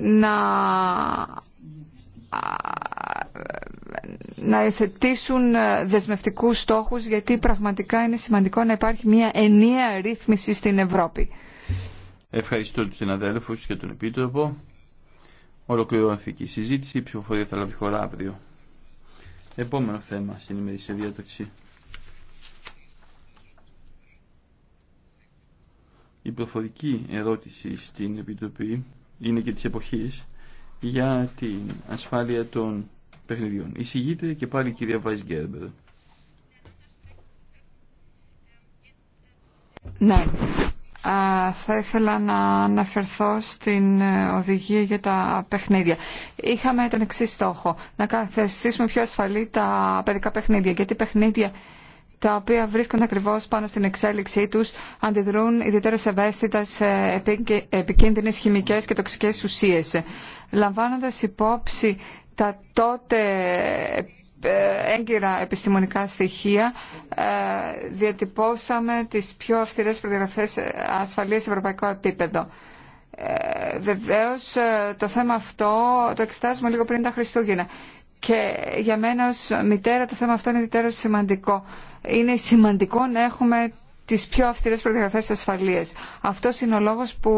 να να εθετήσουν δεσμευτικούς στόχους γιατί πραγματικά είναι σημαντικό να υπάρχει μια ενιαία ρύθμιση στην Ευρώπη. Ευχαριστώ τους συναδέλφους και τον Επίτροπο. Ολοκληρώθηκε η συζήτηση. Η ψηφοφορία θα λάβει χώρα αύριο. Επόμενο θέμα στην ημερήσια διάταξη. Η προφορική ερώτηση στην Επιτροπή είναι και της εποχής για την ασφάλεια των παιχνιδιών. Εισηγείται και πάλι η κυρία Βάις Γκέρμπερ. Ναι. Θα ήθελα να αναφερθώ στην ε, οδηγία για τα παιχνίδια. Είχαμε τον εξή στόχο, να καθεστήσουμε πιο ασφαλή τα παιδικά παιχνίδια, γιατί παιχνίδια τα οποία βρίσκονται ακριβώ πάνω στην εξέλιξή τους, αντιδρούν ιδιαίτερως ευαίσθητα σε επικίνδυνε χημικές και τοξικές ουσίες. Λαμβάνοντας υπόψη τα τότε ε, έγκυρα επιστημονικά στοιχεία ε, διατυπώσαμε τις πιο αυστηρές προδιαγραφές ε, ασφαλείας σε ευρωπαϊκό επίπεδο. Βεβαίως το θέμα αυτό το εξετάζουμε λίγο πριν τα Χριστούγεννα και για μένα ως μητέρα το θέμα αυτό είναι ιδιαίτερα σημαντικό. Είναι σημαντικό να έχουμε τις πιο αυστηρές προδιαγραφές ασφαλείας. Αυτός είναι ο λόγος που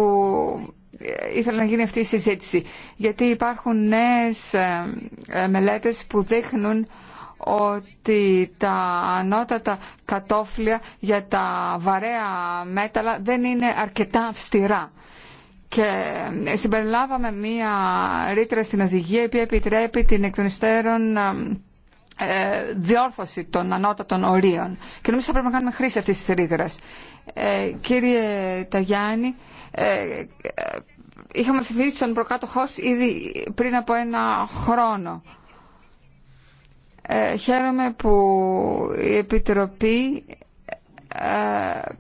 ήθελα να γίνει αυτή η συζήτηση. Γιατί υπάρχουν νέες ε, ε, μελέτες που δείχνουν ότι τα ανώτατα κατόφλια για τα βαρέα μέταλλα δεν είναι αρκετά αυστηρά και συμπεριλάβαμε μία ρήτρα στην οδηγία η οποία επιτρέπει την εκ των υστέρων ε, διόρθωση των ανώτατων ορίων. Και νομίζω θα πρέπει να κάνουμε χρήση αυτή της ρήτρα. Ε, κύριε Ταγιάννη, ε, είχαμε ευθυνθεί τον προκάτοχό ήδη πριν από ένα χρόνο. Ε, χαίρομαι που η Επιτροπή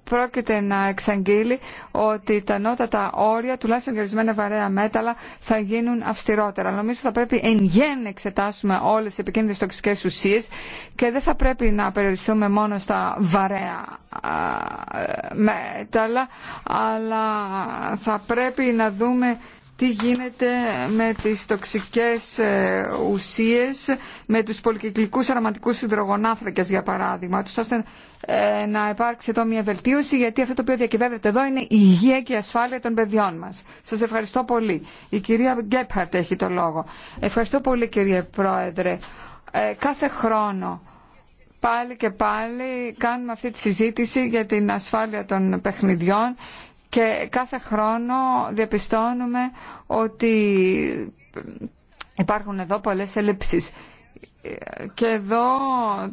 πρόκειται να εξαγγείλει ότι τα νότατα όρια, τουλάχιστον για ορισμένα βαρέα μέταλλα, θα γίνουν αυστηρότερα. Νομίζω θα πρέπει εν γέν να εξετάσουμε όλες τι επικίνδυνε τοξικές ουσίες και δεν θα πρέπει να περιοριστούμε μόνο στα βαρέα μέταλλα, αλλά θα πρέπει να δούμε τι γίνεται με τις τοξικές ε, ουσίες, με τους πολυκυκλικούς αρωματικούς υδρογονάφρακες για παράδειγμα, τους ώστε ε, να υπάρξει εδώ μια βελτίωση, γιατί αυτό το οποίο διακυβεύεται εδώ είναι η υγεία και η ασφάλεια των παιδιών μας. Σας ευχαριστώ πολύ. Η κυρία Γκέπχαρτ έχει το λόγο. Ευχαριστώ πολύ κύριε Πρόεδρε. Ε, κάθε χρόνο πάλι και πάλι κάνουμε αυτή τη συζήτηση για την ασφάλεια των παιχνιδιών και κάθε χρόνο διαπιστώνουμε ότι υπάρχουν εδώ πολλές ελλείψεις. Και εδώ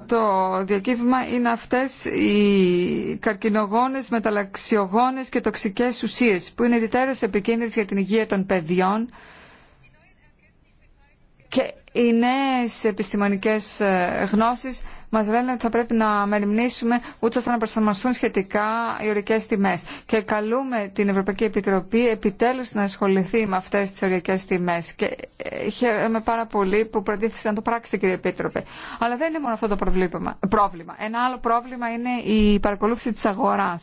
το διακύβημα είναι αυτές οι καρκινογόνες, μεταλλαξιογόνες και τοξικές ουσίες που είναι ιδιαίτερως επικίνδυνες για την υγεία των παιδιών και οι νέες επιστημονικές ε, γνώσεις Μα λένε ότι θα πρέπει να μεριμνήσουμε ούτως ώστε να προσαρμοστούν σχετικά οι ωριακέ τιμέ. Και καλούμε την Ευρωπαϊκή Επιτροπή επιτέλου να ασχοληθεί με αυτέ τι ωριακέ τιμέ. Και ε, χαίρομαι πάρα πολύ που προτίθεσε να το πράξετε κύριε Επίτροπε. Αλλά δεν είναι μόνο αυτό το προβλήμα. Ένα άλλο πρόβλημα είναι η παρακολούθηση τη αγορά.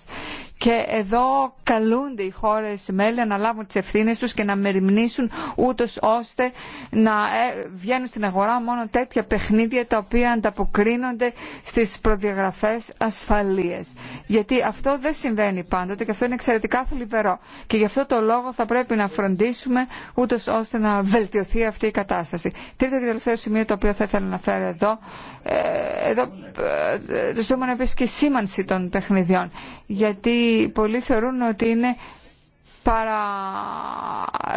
Και εδώ καλούνται οι χώρε μέλη να λάβουν τι ευθύνε του και να μεριμνήσουν ούτω ώστε να ε, βγαίνουν στην αγορά μόνο τέτοια παιχνίδια τα οποία ανταποκρίνονται στις προδιαγραφές ασφαλείες. Γιατί αυτό δεν συμβαίνει πάντοτε και αυτό είναι εξαιρετικά θλιβερό. Και γι' αυτό το λόγο θα πρέπει να φροντίσουμε ούτω ώστε να βελτιωθεί αυτή η κατάσταση. Τρίτο και τελευταίο σημείο το οποίο θα ήθελα να φέρω εδώ, ε, εδώ ε, ε, το ζητούμενο επίσης και σήμανση των παιχνιδιών. Γιατί πολλοί θεωρούν ότι είναι παρα...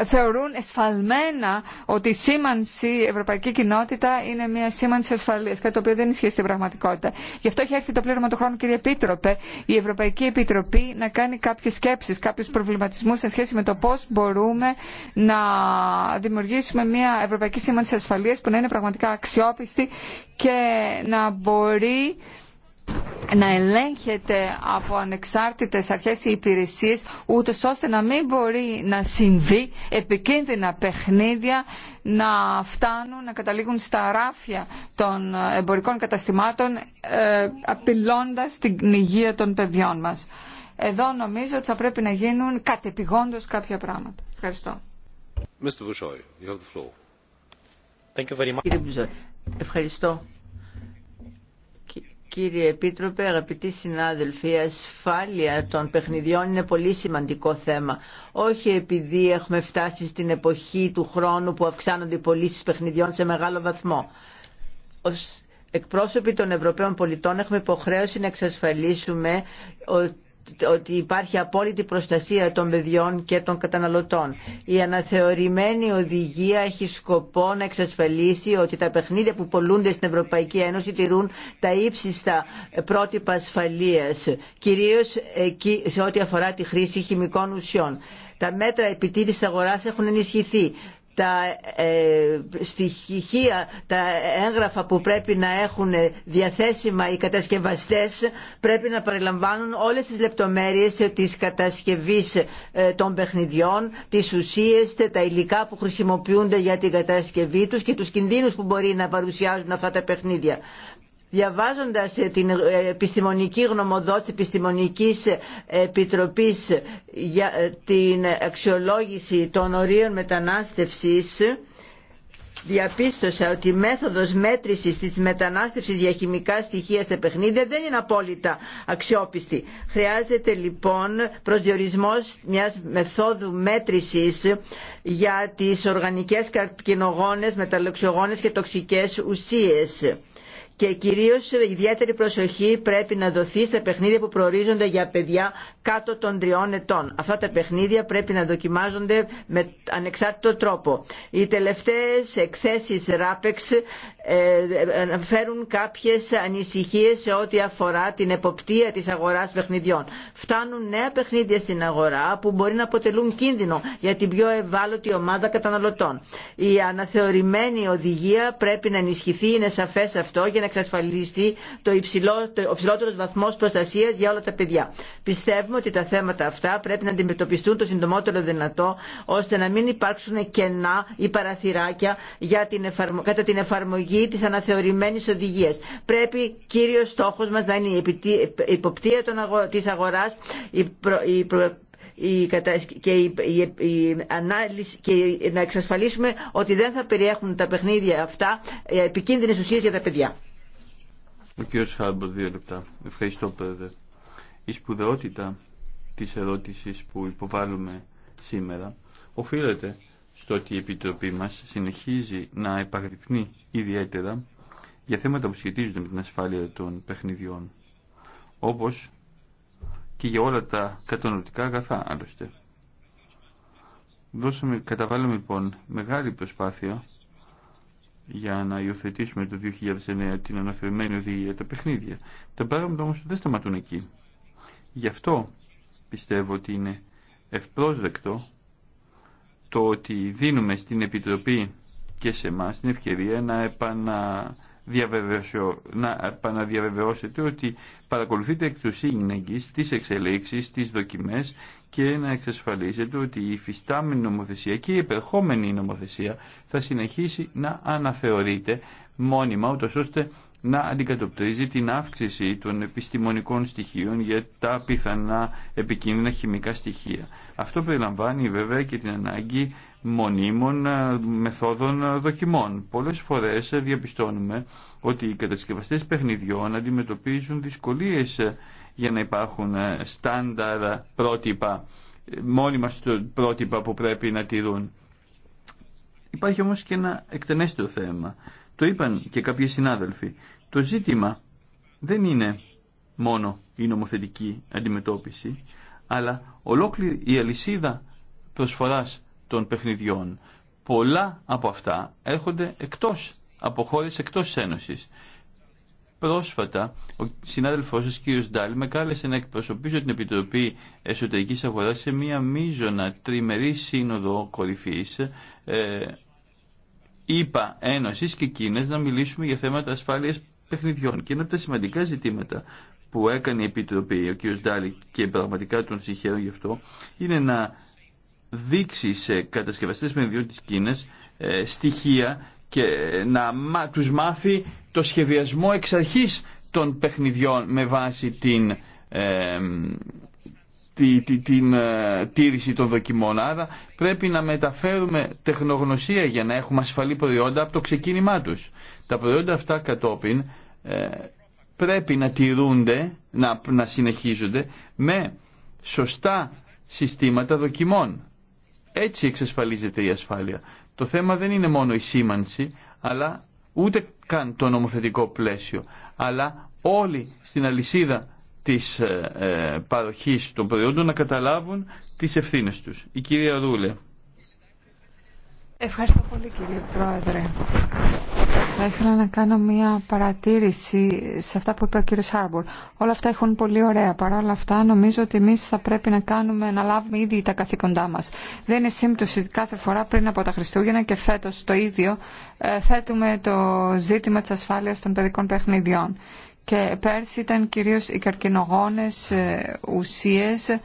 θεωρούν εσφαλμένα ότι η σήμανση η Ευρωπαϊκή Κοινότητα είναι μια σήμανση ασφαλείας, κάτι το οποίο δεν ισχύει στην πραγματικότητα. Γι' αυτό έχει έρθει το πλήρωμα του χρόνου, κύριε Επίτροπε, η Ευρωπαϊκή Επιτροπή να κάνει κάποιες σκέψεις, κάποιους προβληματισμούς σε σχέση με το πώς μπορούμε να δημιουργήσουμε μια Ευρωπαϊκή Σήμανση Ασφαλείας που να είναι πραγματικά αξιόπιστη και να μπορεί να ελέγχεται από ανεξάρτητες αρχές ή υπηρεσίες ούτω ώστε να μην μπορεί να συμβεί επικίνδυνα παιχνίδια να φτάνουν, να καταλήγουν στα ράφια των εμπορικών καταστημάτων ε, απειλώντας την υγεία των παιδιών μας. Εδώ νομίζω ότι θα πρέπει να γίνουν κατεπηγόντως κάποια πράγματα. Ευχαριστώ. ευχαριστώ κύριε Επίτροπε, αγαπητοί συνάδελφοι, η ασφάλεια των παιχνιδιών είναι πολύ σημαντικό θέμα. Όχι επειδή έχουμε φτάσει στην εποχή του χρόνου που αυξάνονται οι πωλήσει παιχνιδιών σε μεγάλο βαθμό. Ως εκπρόσωποι των Ευρωπαίων πολιτών έχουμε υποχρέωση να εξασφαλίσουμε ότι ότι υπάρχει απόλυτη προστασία των παιδιών και των καταναλωτών. Η αναθεωρημένη οδηγία έχει σκοπό να εξασφαλίσει ότι τα παιχνίδια που πολλούνται στην Ευρωπαϊκή Ένωση τηρούν τα ύψιστα πρότυπα ασφαλείας, κυρίως σε ό,τι αφορά τη χρήση χημικών ουσιών. Τα μέτρα επιτήρησης αγοράς έχουν ενισχυθεί τα ε, στοιχεία, τα έγγραφα που πρέπει να έχουν διαθέσιμα οι κατασκευαστές πρέπει να περιλαμβάνουν όλες τις λεπτομέρειες της κατασκευής ε, των παιχνιδιών, τις ουσίες, τα υλικά που χρησιμοποιούνται για την κατασκευή τους και τους κινδύνους που μπορεί να παρουσιάζουν αυτά τα παιχνίδια διαβάζοντας ε, την ε, επιστημονική γνωμοδότηση επιστημονικής ε, επιτροπής για την αξιολόγηση των ορίων μετανάστευσης διαπίστωσα ότι η μέθοδος μέτρησης της μετανάστευσης για χημικά στοιχεία στα παιχνίδια δεν είναι απόλυτα αξιόπιστη. Χρειάζεται λοιπόν προσδιορισμός μιας μεθόδου μέτρησης για τις οργανικές καρκινογόνες, μεταλλοξιογόνες και τοξικές ουσίες και κυρίως ιδιαίτερη προσοχή πρέπει να δοθεί στα παιχνίδια που προορίζονται για παιδιά κάτω των τριών ετών. Αυτά τα παιχνίδια πρέπει να δοκιμάζονται με ανεξάρτητο τρόπο. Οι τελευταίε εκθέσει RAPEX αναφέρουν ε, ε, κάποιες ανησυχίες σε ό,τι αφορά την εποπτεία τη αγορά παιχνιδιών. Φτάνουν νέα παιχνίδια στην αγορά που μπορεί να αποτελούν κίνδυνο για την πιο ευάλωτη ομάδα καταναλωτών. Η αναθεωρημένη οδηγία πρέπει να ενισχυθεί, είναι σαφέ αυτό, να εξασφαλιστεί το υψηλό, το, ο ψηλότερο βαθμό προστασία για όλα τα παιδιά. Πιστεύουμε ότι τα θέματα αυτά πρέπει να αντιμετωπιστούν το συντομότερο δυνατό, ώστε να μην υπάρξουν κενά ή παραθυράκια για την κατά την εφαρμογή τη αναθεωρημένη οδηγία. Πρέπει κύριο στόχο μα να είναι η υποπτία τη αγορά, η, και, η, ανάλυση, και να εξασφαλίσουμε ότι δεν θα περιέχουν τα παιχνίδια αυτά ε, επικίνδυνες ουσίες για τα παιδιά. Ο κ. Χάρμπορ, δύο λεπτά. Ευχαριστώ, Πρόεδρε. Η σπουδαιότητα της ερώτησης που υποβάλλουμε σήμερα οφείλεται στο ότι η Επιτροπή μας συνεχίζει να επαγρυπνεί ιδιαίτερα για θέματα που σχετίζονται με την ασφάλεια των παιχνιδιών, όπως και για όλα τα κατανοητικά αγαθά άλλωστε. Δώσαμε, λοιπόν μεγάλη προσπάθεια για να υιοθετήσουμε το 2009 την αναφερμένη οδηγία τα παιχνίδια. Τα πράγματα όμως δεν σταματούν εκεί. Γι' αυτό πιστεύω ότι είναι ευπρόσδεκτο το ότι δίνουμε στην Επιτροπή και σε εμά την ευκαιρία να επανα να επαναδιαβεβαιώσετε ότι παρακολουθείτε εκ του σύνεγγυς τις εξελίξεις, τις δοκιμές και να εξασφαλίσετε ότι η υφιστάμενη νομοθεσία και η επερχόμενη νομοθεσία θα συνεχίσει να αναθεωρείται μόνιμα, ούτως ώστε να αντικατοπτρίζει την αύξηση των επιστημονικών στοιχείων για τα πιθανά επικίνδυνα χημικά στοιχεία. Αυτό περιλαμβάνει βέβαια και την ανάγκη μονίμων ε, μεθόδων ε, δοκιμών. Πολλές φορές ε, διαπιστώνουμε ότι οι κατασκευαστές παιχνιδιών αντιμετωπίζουν δυσκολίες για να υπάρχουν στάνταρ πρότυπα, μόνιμα πρότυπα που πρέπει να τηρούν. Υπάρχει όμως και ένα εκτενέστερο θέμα. Το είπαν και κάποιοι συνάδελφοι. Το ζήτημα δεν είναι μόνο η νομοθετική αντιμετώπιση, αλλά ολόκληρη η αλυσίδα προσφοράς των παιχνιδιών. Πολλά από αυτά έρχονται εκτός, από χώρε εκτός της Ένωσης. Πρόσφατα, ο συνάδελφός σας, κύριος Ντάλ, με κάλεσε να εκπροσωπήσω την Επιτροπή Εσωτερικής Αγοράς σε μία μείζωνα τριμερή σύνοδο κορυφής ε, είπα Ένωσης και Κίνες να μιλήσουμε για θέματα ασφάλειας παιχνιδιών. Και ένα από τα σημαντικά ζητήματα που έκανε η Επιτροπή, ο κ. Ντάλη, και πραγματικά τον συγχαίρω γι' αυτό, είναι να δείξει σε κατασκευαστές με δύο της Κίνας ε, στοιχεία και ε, να τους μάθει το σχεδιασμό εξ αρχής των παιχνιδιών με βάση την, ε, τη, την τήρηση των δοκιμών. Άρα πρέπει να μεταφέρουμε τεχνογνωσία για να έχουμε ασφαλή προϊόντα από το ξεκίνημά τους. Τα προϊόντα αυτά κατόπιν πρέπει να τηρούνται, να, να συνεχίζονται με σωστά συστήματα δοκιμών. Έτσι εξασφαλίζεται η ασφάλεια. Το θέμα δεν είναι μόνο η σήμανση, αλλά ούτε καν το νομοθετικό πλαίσιο, αλλά όλοι στην αλυσίδα της ε, ε παροχής των προϊόντων να καταλάβουν τις ευθύνες τους. Η κυρία Ρούλε. Ευχαριστώ πολύ κύριε Πρόεδρε. Θα ήθελα να κάνω μία παρατήρηση σε αυτά που είπε ο κύριος Χάρμπορ. Όλα αυτά έχουν πολύ ωραία. Παρ' όλα αυτά νομίζω ότι εμεί θα πρέπει να κάνουμε, να λάβουμε ήδη τα καθήκοντά μας. Δεν είναι σύμπτωση κάθε φορά πριν από τα Χριστούγεννα και φέτος το ίδιο ε, θέτουμε το ζήτημα της ασφάλειας των παιδικών παιχνιδιών. Και πέρσι ήταν κυρίω οι καρκινογόνες ε, ουσίες ε,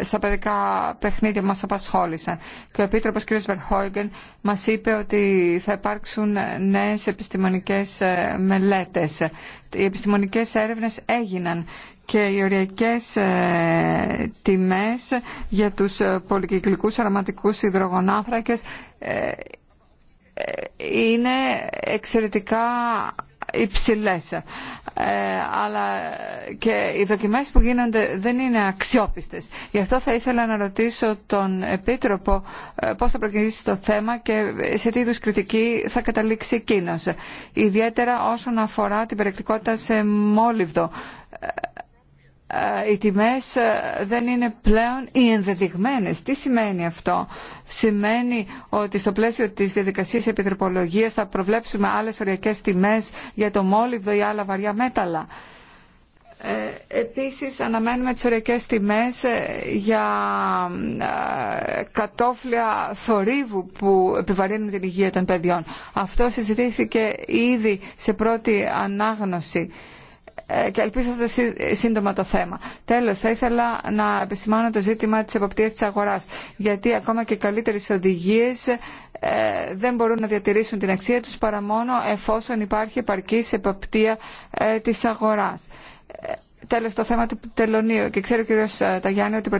στα παιδικά παιχνίδια μας απασχόλησαν. Και ο Επίτροπος κ. Βερχόγγεν μας είπε ότι θα υπάρξουν νέες επιστημονικές ε, μελέτες. Οι επιστημονικές έρευνες έγιναν και οι οριακές ε, τιμές για τους ε, πολυκυκλικούς αρωματικούς υδρογονάνθρακες είναι εξαιρετικά υψηλές. Ε, αλλά και οι δοκιμές που γίνονται δεν είναι αξιόπιστες. Γι' αυτό θα ήθελα να ρωτήσω τον Επίτροπο ε, πώς θα προκυνήσει το θέμα και σε τι είδους κριτική θα καταλήξει εκείνο. Ιδιαίτερα όσον αφορά την περιεκτικότητα σε μόλιβδο ε, οι τιμές ε, δεν είναι πλέον οι ενδεδειγμένες. Τι σημαίνει αυτό. Σημαίνει ότι στο πλαίσιο της διαδικασίας επιτροπολογίας θα προβλέψουμε άλλες οριακές τιμές για το μόλιβδο ή άλλα βαριά μέταλλα. Ε, επίσης αναμένουμε τις οριακές τιμές ε, για κατόφλια θορύβου που επιβαρύνουν την υγεία των παιδιών. Αυτό συζητήθηκε ήδη σε πρώτη ανάγνωση ε, και ελπίζω θα δεθεί ε, σύντομα το θέμα. Τέλος, θα ήθελα να επισημάνω το ζήτημα της εποπτείας της αγοράς, γιατί ακόμα και οι καλύτερες οδηγίες ε, δεν μπορούν να διατηρήσουν την αξία τους παρά μόνο εφόσον υπάρχει επαρκής εποπτεία της αγοράς. Τέλος, το θέμα του τελωνίου. Και ξέρει ο κύριο ε, Ταγιάννη ότι,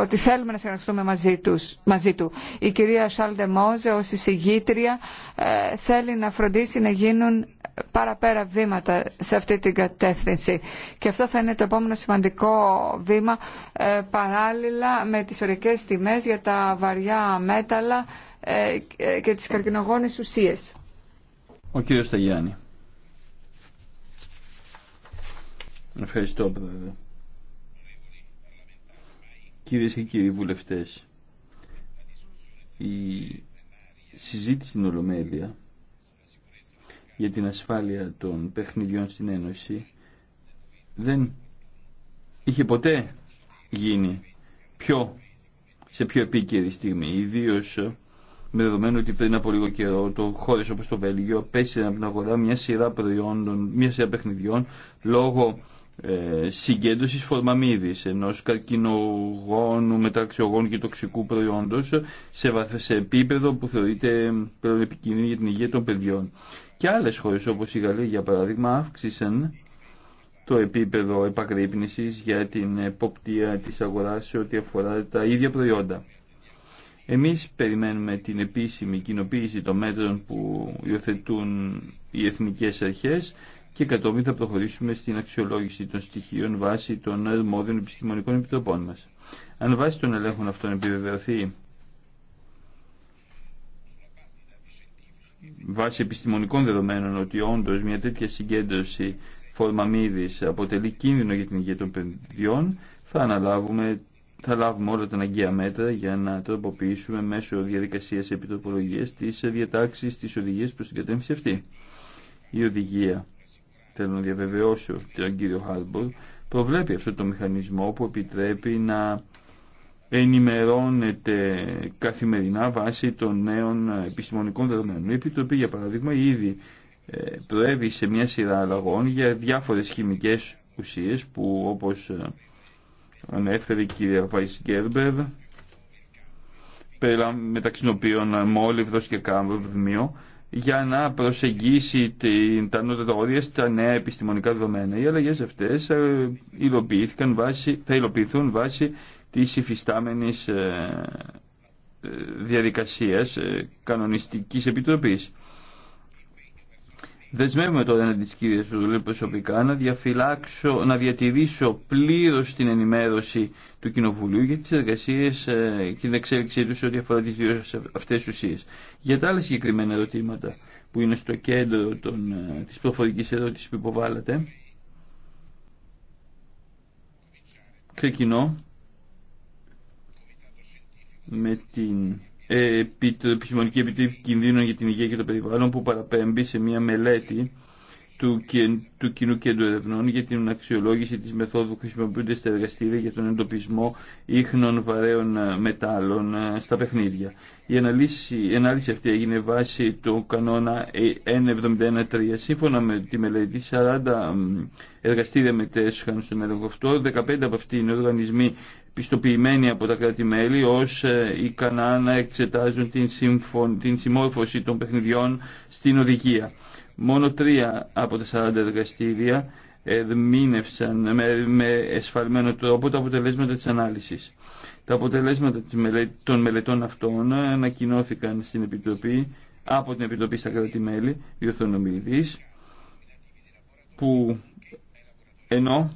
ότι θέλουμε να συνεργαστούμε μαζί, τους, μαζί του. Η κυρία Σάλντε Μόζε ως εισηγήτρια ε, θέλει να φροντίσει να γίνουν παραπέρα βήματα σε αυτή την κατεύθυνση. Και αυτό θα είναι το επόμενο σημαντικό βήμα ε, παράλληλα με τις ορικέ τιμέ για τα βαριά μέταλλα και τι καρκινογόνες ουσίες. Ο κύριος Ταγιάννη. Ευχαριστώ, Πρόεδρε. Κυρίες και κύριοι βουλευτές, η συζήτηση στην Ολομέλεια για την ασφάλεια των παιχνιδιών στην Ένωση δεν είχε ποτέ γίνει πιο, σε πιο επίκαιρη στιγμή, ιδίω με δεδομένο ότι πριν από λίγο καιρό το χώρε όπω το Βέλγιο πέσει από την αγορά μια σειρά προϊόντων, μια σειρά παιχνιδιών λόγω ε, συγκέντρωσης φορμαμίδης ενός καρκινογόνου μεταξιογόνου και τοξικού προϊόντος σε, σε επίπεδο που θεωρείται πλέον επικίνδυνο για την υγεία των παιδιών. Και άλλες χώρες όπως η Γαλλία για παράδειγμα αύξησαν το επίπεδο επακρύπνησης για την εποπτεία της αγοράς σε ό,τι αφορά τα ίδια προϊόντα. Εμείς περιμένουμε την επίσημη κοινοποίηση των μέτρων που υιοθετούν οι εθνικές αρχές και κατόπιν θα προχωρήσουμε στην αξιολόγηση των στοιχείων βάσει των αρμόδιων επιστημονικών επιτροπών μας. Αν βάσει των ελέγχων αυτών επιβεβαιωθεί βάσει επιστημονικών δεδομένων ότι όντω μια τέτοια συγκέντρωση φορμαμίδης αποτελεί κίνδυνο για την υγεία των παιδιών, θα αναλάβουμε θα λάβουμε όλα τα αναγκαία μέτρα για να τροποποιήσουμε μέσω διαδικασία επιτροπολογία τι διατάξει τη οδηγία προ την κατεύθυνση αυτή. Η οδηγία θέλω να διαβεβαιώσω τον κύριο Χάρμπορ, προβλέπει αυτό το μηχανισμό που επιτρέπει να ενημερώνεται καθημερινά βάσει των νέων επιστημονικών δεδομένων. Η Επιτροπή, για παράδειγμα, ήδη ε, προέβη σε μια σειρά αλλαγών για διάφορες χημικές ουσίες που όπως ε, ανέφερε η κυρία Βάις Γκέρμπερ μεταξύ των οποίων ε, μόλιβδος και δμιο για να προσεγγίσει την, τα νότια στα νέα επιστημονικά δεδομένα. Οι αλλαγέ αυτέ ε, θα υλοποιηθούν βάσει τη υφιστάμενη ε, ε, διαδικασία κανονιστική επιτροπή. Δεσμεύομαι τώρα να της κυρίας Ρουλή προσωπικά να διαφυλάξω, να διατηρήσω πλήρως την ενημέρωση του Κοινοβουλίου για τις εργασίες ε, και την εξέλιξή τους ό,τι αφορά τις δύο αυτές ουσίες. Για τα άλλα συγκεκριμένα ερωτήματα που είναι στο κέντρο των, ε, της προφορικής ερώτησης που υποβάλλατε, ξεκινώ με την ε, Επιστημονική Επιτροπή Κινδύνων για την Υγεία και το Περιβάλλον που παραπέμπει σε μια μελέτη του, του Κοινού Κέντρου Ερευνών για την αξιολόγηση της μεθόδου που χρησιμοποιούνται στα εργαστήρια για τον εντοπισμό ίχνων βαρέων ε, μετάλλων ε, στα παιχνίδια. Η ανάλυση, η ανάλυση αυτή έγινε βάσει του κανόνα 1.71.3. Σύμφωνα με τη μελέτη, 40 εργαστήρια μετέσχαν στον έργο αυτό, 15 από αυτοί είναι οργανισμοί πιστοποιημένοι από τα κράτη-μέλη ως ε, ικανά να εξετάζουν την, συμφων... την συμμόρφωση των παιχνιδιών στην οδηγία. Μόνο τρία από τα 40 εργαστήρια ερμήνευσαν με, εσφαλμένο τρόπο τα αποτελέσματα της ανάλυσης. Τα αποτελέσματα των μελετών αυτών ανακοινώθηκαν στην Επιτροπή, από την Επιτροπή στα κράτη-μέλη, διορθονομιλητής, που ενώ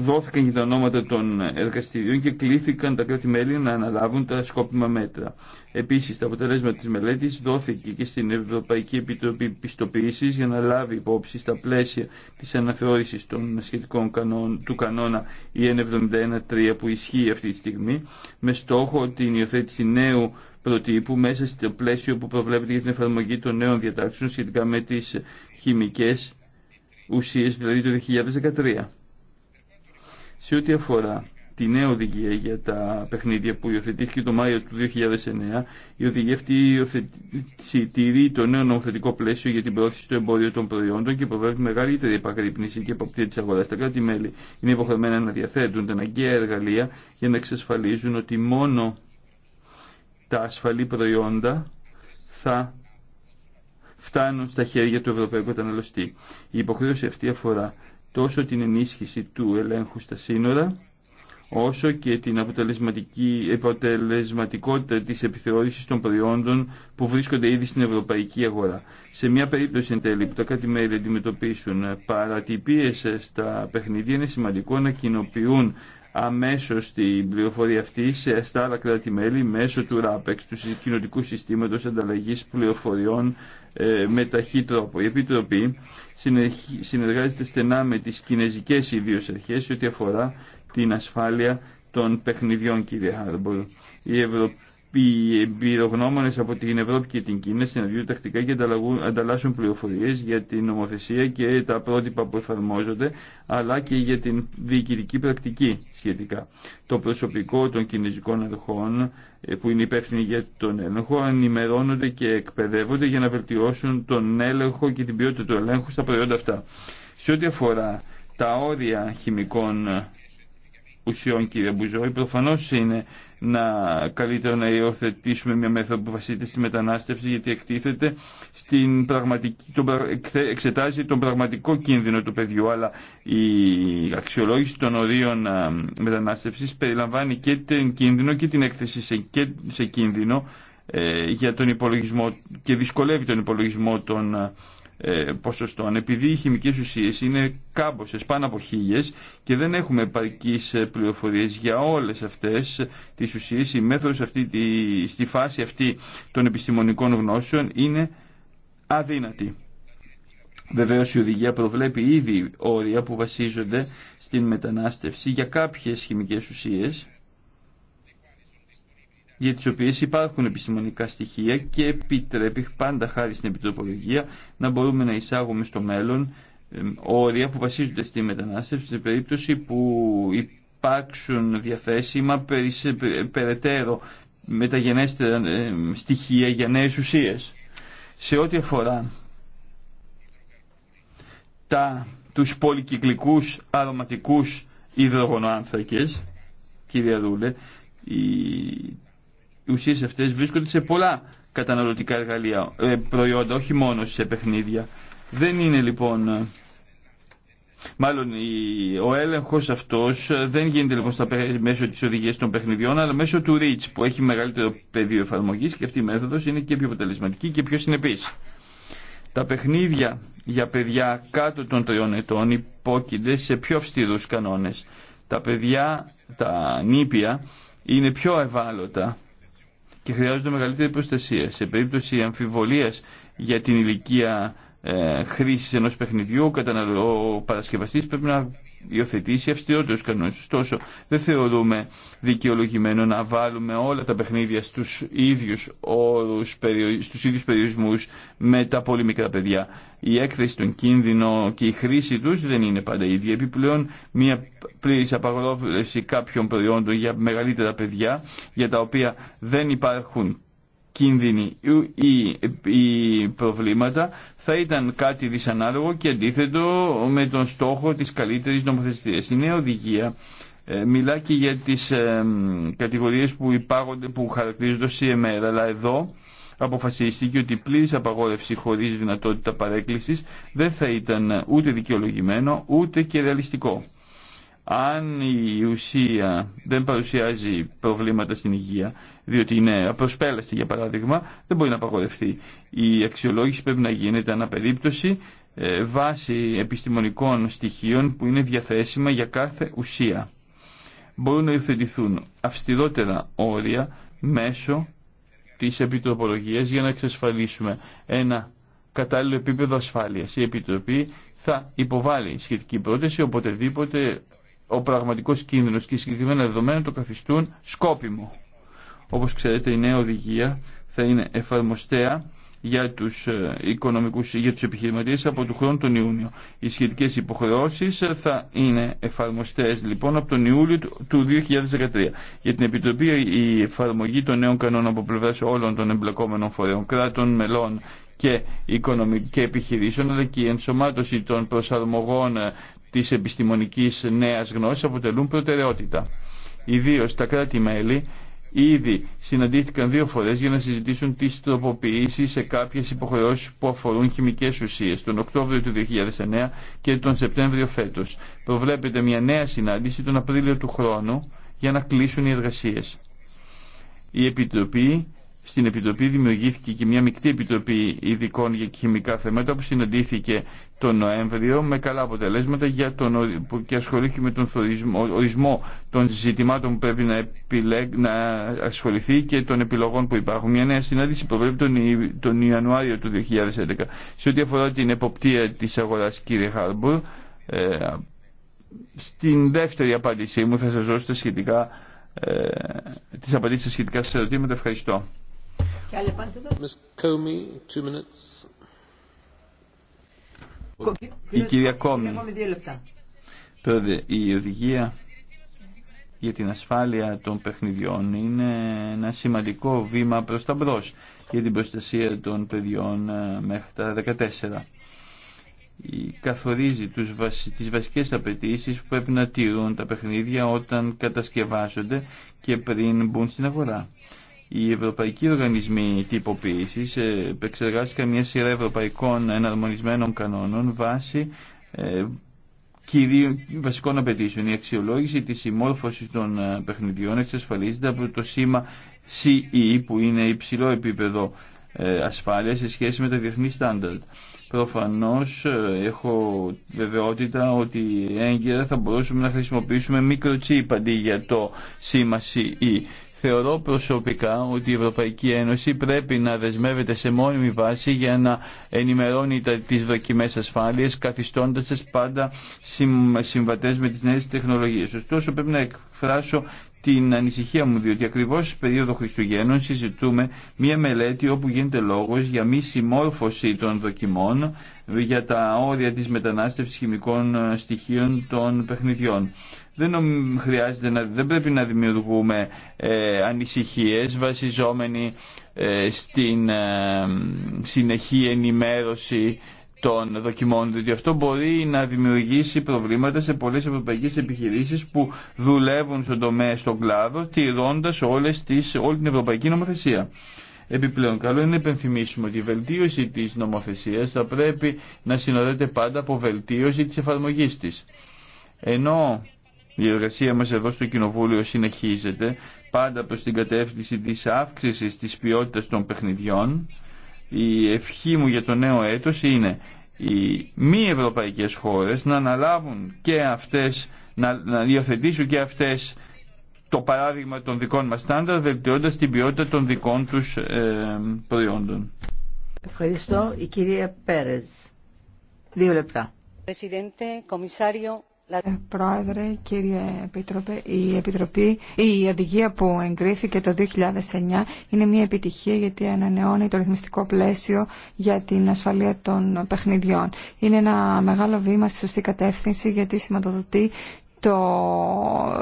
δόθηκαν για τα ονόματα των εργαστηρίων και κλήθηκαν τα κράτη-μέλη να αναλάβουν τα σκόπιμα μέτρα. Επίση, τα αποτελέσματα τη μελέτη δόθηκε και στην Ευρωπαϊκή Επιτροπή Πιστοποίηση για να λάβει υπόψη στα πλαίσια τη αναθεώρηση των σχετικών κανόν, του κανόνα EN713 που ισχύει αυτή τη στιγμή, με στόχο την υιοθέτηση νέου προτύπου μέσα στο πλαίσιο που προβλέπεται για την εφαρμογή των νέων διατάξεων σχετικά με τι χημικέ ουσίε, δηλαδή το 2013. Σε ό,τι αφορά τη νέα οδηγία για τα παιχνίδια που υιοθετήθηκε το Μάιο του 2009, η οδηγία αυτή τηρεί το νέο νομοθετικό πλαίσιο για την προώθηση του εμπόριου των προϊόντων και προβλέπει μεγαλύτερη επαγρύπνηση και εποπτεία τη αγορά. Τα κράτη-μέλη είναι υποχρεωμένα να διαθέτουν τα αναγκαία εργαλεία για να εξασφαλίζουν ότι μόνο τα ασφαλή προϊόντα θα φτάνουν στα χέρια του Ευρωπαϊκού Καταναλωστή. Η υποχρέωση αυτή αφορά τόσο την ενίσχυση του ελέγχου στα σύνορα, όσο και την αποτελεσματική, αποτελεσματικότητα της επιθεώρησης των προϊόντων που βρίσκονται ήδη στην ευρωπαϊκή αγορά. Σε μια περίπτωση εν τέλει που τα κάτι μέλη αντιμετωπίσουν παρατυπίες στα παιχνίδια είναι σημαντικό να κοινοποιούν αμέσως την πληροφορία αυτή σε στα άλλα κράτη-μέλη μέσω του ΡΑΠΕΞ, του Κοινοτικού Συστήματος Ανταλλαγής Πληροφοριών ε, με ταχύ τρόπο. Η Επιτροπή συνεργάζεται στενά με τις κινέζικες ιδίως αρχές σε ό,τι αφορά την ασφάλεια των παιχνιδιών, κύριε Χάρμπορ. Η Ευρωπαϊκή οι εμπειρογνώμονε από την Ευρώπη και την Κίνα συναντιούν τακτικά και ανταλλάσσουν πληροφορίε για την νομοθεσία και τα πρότυπα που εφαρμόζονται, αλλά και για την διοικητική πρακτική σχετικά. Το προσωπικό των κινέζικων ερχών ε, που είναι υπεύθυνοι για τον έλεγχο ενημερώνονται και εκπαιδεύονται για να βελτιώσουν τον έλεγχο και την ποιότητα του ελέγχου στα προϊόντα αυτά. Σε ό,τι αφορά τα όρια χημικών ουσιών κύριε Μπουζόη προφανώς είναι να καλύτερο να υιοθετήσουμε μια μέθοδο που βασίζεται στη μετανάστευση γιατί εκτίθεται στην πραγματική, τον, εξετάζει τον πραγματικό κίνδυνο του παιδιού αλλά η αξιολόγηση των ορίων μετανάστευσης περιλαμβάνει και την κίνδυνο και την έκθεση σε, και σε κίνδυνο ε, για τον υπολογισμό και δυσκολεύει τον υπολογισμό των ε, ποσοστών. Επειδή οι χημικές ουσίες είναι κάμποσες πάνω από χίλιες και δεν έχουμε επαρκείς ε, πληροφορίες για όλες αυτές τις ουσίες, η μέθοδος αυτή, τη, στη φάση αυτή των επιστημονικών γνώσεων είναι αδύνατη. Βεβαίω η οδηγία προβλέπει ήδη όρια που βασίζονται στην μετανάστευση για κάποιες χημικές ουσίες για τις οποίες υπάρχουν επιστημονικά στοιχεία και επιτρέπει πάντα χάρη στην επιτροπολογία να μπορούμε να εισάγουμε στο μέλλον όρια που βασίζονται στη μετανάστευση σε περίπτωση που υπάρξουν διαθέσιμα περαιτέρω μεταγενέστερα στοιχεία για νέες ουσίες. Σε ό,τι αφορά τα, τους πολυκυκλικούς αρωματικούς υδρογονοάνθρακες, κυρία Ρούλε, ουσίες αυτέ βρίσκονται σε πολλά καταναλωτικά εργαλεία, ε, προϊόντα, όχι μόνο σε παιχνίδια. Δεν είναι λοιπόν... Ε, μάλλον ο έλεγχος αυτός ε, δεν γίνεται λοιπόν στα, μέσω της οδηγίας των παιχνιδιών αλλά μέσω του REACH που έχει μεγαλύτερο πεδίο εφαρμογής και αυτή η μέθοδος είναι και πιο αποτελεσματική και πιο συνεπής. Τα παιχνίδια για παιδιά κάτω των τριών ετών υπόκεινται σε πιο αυστηρούς κανόνες. Τα παιδιά, τα νήπια, είναι πιο ευάλωτα και χρειάζονται μεγαλύτερη προστασία. Σε περίπτωση αμφιβολίας για την ηλικία ε, χρήσης ενός παιχνιδιού, ο, ο παρασκευαστής πρέπει να υιοθετήσει αυστηρότερους κανόνε, Ωστόσο, δεν θεωρούμε δικαιολογημένο να βάλουμε όλα τα παιχνίδια στου, ίδιους, περιορισμού με τα πολύ μικρά παιδιά. Η έκθεση των κίνδυνων και η χρήση τους δεν είναι πάντα ίδια. Επιπλέον, μια πλήρη απαγορεύση κάποιων προϊόντων για μεγαλύτερα παιδιά, για τα οποία δεν υπάρχουν κίνδυνοι προβλήματα θα ήταν κάτι δυσανάλογο και αντίθετο με τον στόχο της καλύτερης νομοθεσίας. Η νέα οδηγία ε, μιλά και για τις ε, κατηγορίες που υπάγονται, που χαρακτηρίζονται CMR, αλλά εδώ αποφασίστηκε ότι η πλήρης απαγόρευση χωρίς δυνατότητα παρέκκλησης δεν θα ήταν ούτε δικαιολογημένο ούτε και ρεαλιστικό αν η ουσία δεν παρουσιάζει προβλήματα στην υγεία, διότι είναι απροσπέλαστη για παράδειγμα, δεν μπορεί να απαγορευτεί. Η αξιολόγηση πρέπει να γίνεται αναπερίπτωση ε, βάσει επιστημονικών στοιχείων που είναι διαθέσιμα για κάθε ουσία. Μπορούν να υιοθετηθούν αυστηρότερα όρια μέσω της επιτροπολογίας για να εξασφαλίσουμε ένα κατάλληλο επίπεδο ασφάλειας. Η Επιτροπή θα υποβάλει σχετική πρόταση οποτεδήποτε ο πραγματικό κίνδυνος και συγκεκριμένα δεδομένα το καθιστούν σκόπιμο. Όπως ξέρετε η νέα οδηγία θα είναι εφαρμοστέα για τους, ε, οικονομικούς, για επιχειρηματίες από του χρόνου τον Ιούνιο. Οι σχετικές υποχρεώσεις θα είναι εφαρμοστές λοιπόν από τον Ιούλιο του 2013. Για την Επιτροπή η εφαρμογή των νέων κανόνων από πλευρά όλων των εμπλεκόμενων φορέων, κράτων, μελών και, και επιχειρήσεων αλλά και η ενσωμάτωση των προσαρμογών ε, της επιστημονικής νέας γνώσης αποτελούν προτεραιότητα. Ιδίω τα κράτη-μέλη ήδη συναντήθηκαν δύο φορές για να συζητήσουν τις τροποποίησει σε κάποιες υποχρεώσεις που αφορούν χημικές ουσίες τον Οκτώβριο του 2009 και τον Σεπτέμβριο φέτος. Προβλέπεται μια νέα συνάντηση τον Απρίλιο του χρόνου για να κλείσουν οι εργασίες. Η Επιτροπή στην Επιτροπή δημιουργήθηκε και μια μεικτή επιτροπή ειδικών για χημικά θέματα που συναντήθηκε τον Νοέμβριο με καλά αποτελέσματα για τον, και ασχολήθηκε με τον θορισμό, ορισμό των ζητημάτων που πρέπει να, επιλέγ, ασχοληθεί και των επιλογών που υπάρχουν. Μια νέα συνάντηση προβλέπει τον, τον Ιανουάριο του 2011. Σε ό,τι αφορά την εποπτεία της αγοράς κύριε Χάρμπουρ, ε, στην δεύτερη απάντησή μου θα σας δώσω σχετικά, ε, τις απαντήσεις σχετικά στις ερωτήματα. Ευχαριστώ. Η κυρία Κόμη, πρόεδρε, η οδηγία για την ασφάλεια των παιχνιδιών είναι ένα σημαντικό βήμα προς τα μπρος για την προστασία των παιδιών ε, μέχρι τα 14 καθορίζει τους βασι, τις βασικές απαιτήσει που πρέπει να τηρούν τα παιχνίδια όταν κατασκευάζονται και πριν μπουν στην αγορά. Οι ευρωπαϊκοί οργανισμοί τυποποίηση ε, επεξεργάστηκαν μια σειρά ευρωπαϊκών εναρμονισμένων κανόνων βάσει ε, κυρίων βασικών απαιτήσεων. Η αξιολόγηση τη συμμόρφωση των ε, παιχνιδιών εξασφαλίζεται από το σήμα CE που είναι υψηλό επίπεδο ασφάλεια σε σχέση με τα διεθνή στάνταρτ. Προφανώς έχω βεβαιότητα ότι έγκαιρα θα μπορούσαμε να χρησιμοποιήσουμε μικροτσίπ αντί για το σήμα CE. Θεωρώ προσωπικά ότι η Ευρωπαϊκή Ένωση πρέπει να δεσμεύεται σε μόνιμη βάση για να ενημερώνει τις δοκιμές ασφάλειας, καθιστώντας πάντα συμβατές με τις νέες τεχνολογίες. Ωστόσο πρέπει να εκφράσω την ανησυχία μου, διότι ακριβώς στην περίοδο Χριστουγέννων συζητούμε μία μελέτη όπου γίνεται λόγος για μη συμμόρφωση των δοκιμών ε, για τα όρια της μετανάστευσης χημικών ε, στοιχείων των παιχνιδιών δεν χρειάζεται να, δεν πρέπει να δημιουργούμε ε, ανησυχίες βασιζόμενοι ε, στην ε, συνεχή ενημέρωση των δοκιμών, διότι αυτό μπορεί να δημιουργήσει προβλήματα σε πολλές ευρωπαϊκές επιχειρήσεις που δουλεύουν στον τομέα, στον κλάδο, τηρώντας όλες τις, όλη την ευρωπαϊκή νομοθεσία. Επιπλέον, καλό είναι να υπενθυμίσουμε ότι η βελτίωση της νομοθεσίας θα πρέπει να συνοδεύεται πάντα από βελτίωση της εφαρμογής της. Ενώ η εργασία μας εδώ στο Κοινοβούλιο συνεχίζεται πάντα προς την κατεύθυνση της αύξησης της ποιότητας των παιχνιδιών. Η ευχή μου για το νέο έτος είναι οι μη ευρωπαϊκές χώρες να αναλάβουν και αυτές, να, να υιοθετήσουν και αυτές το παράδειγμα των δικών μας στάνταρ, βελτιώντας την ποιότητα των δικών τους ε, προϊόντων. Ευχαριστώ. Η κυρία Πέρες. Δύο λεπτά. Presidente, comisario, ε, πρόεδρε, κύριε Επίτροπε, η, Επιτροπή, η οδηγία που εγκρίθηκε το 2009 είναι μια επιτυχία γιατί ανανεώνει το ρυθμιστικό πλαίσιο για την ασφαλεία των παιχνιδιών. Είναι ένα μεγάλο βήμα στη σωστή κατεύθυνση γιατί σηματοδοτεί το